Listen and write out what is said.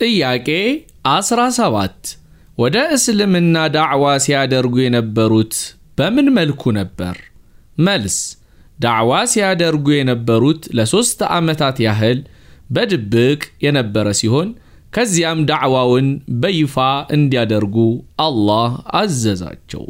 ጥያቄ 17 ወደ እስልምና ዳዕዋ ሲያደርጉ የነበሩት በምን መልኩ ነበር? መልስ ዳዕዋ ሲያደርጉ የነበሩት ለሦስት ዓመታት ያህል በድብቅ የነበረ ሲሆን ከዚያም ዳዕዋውን በይፋ እንዲያደርጉ አላህ አዘዛቸው።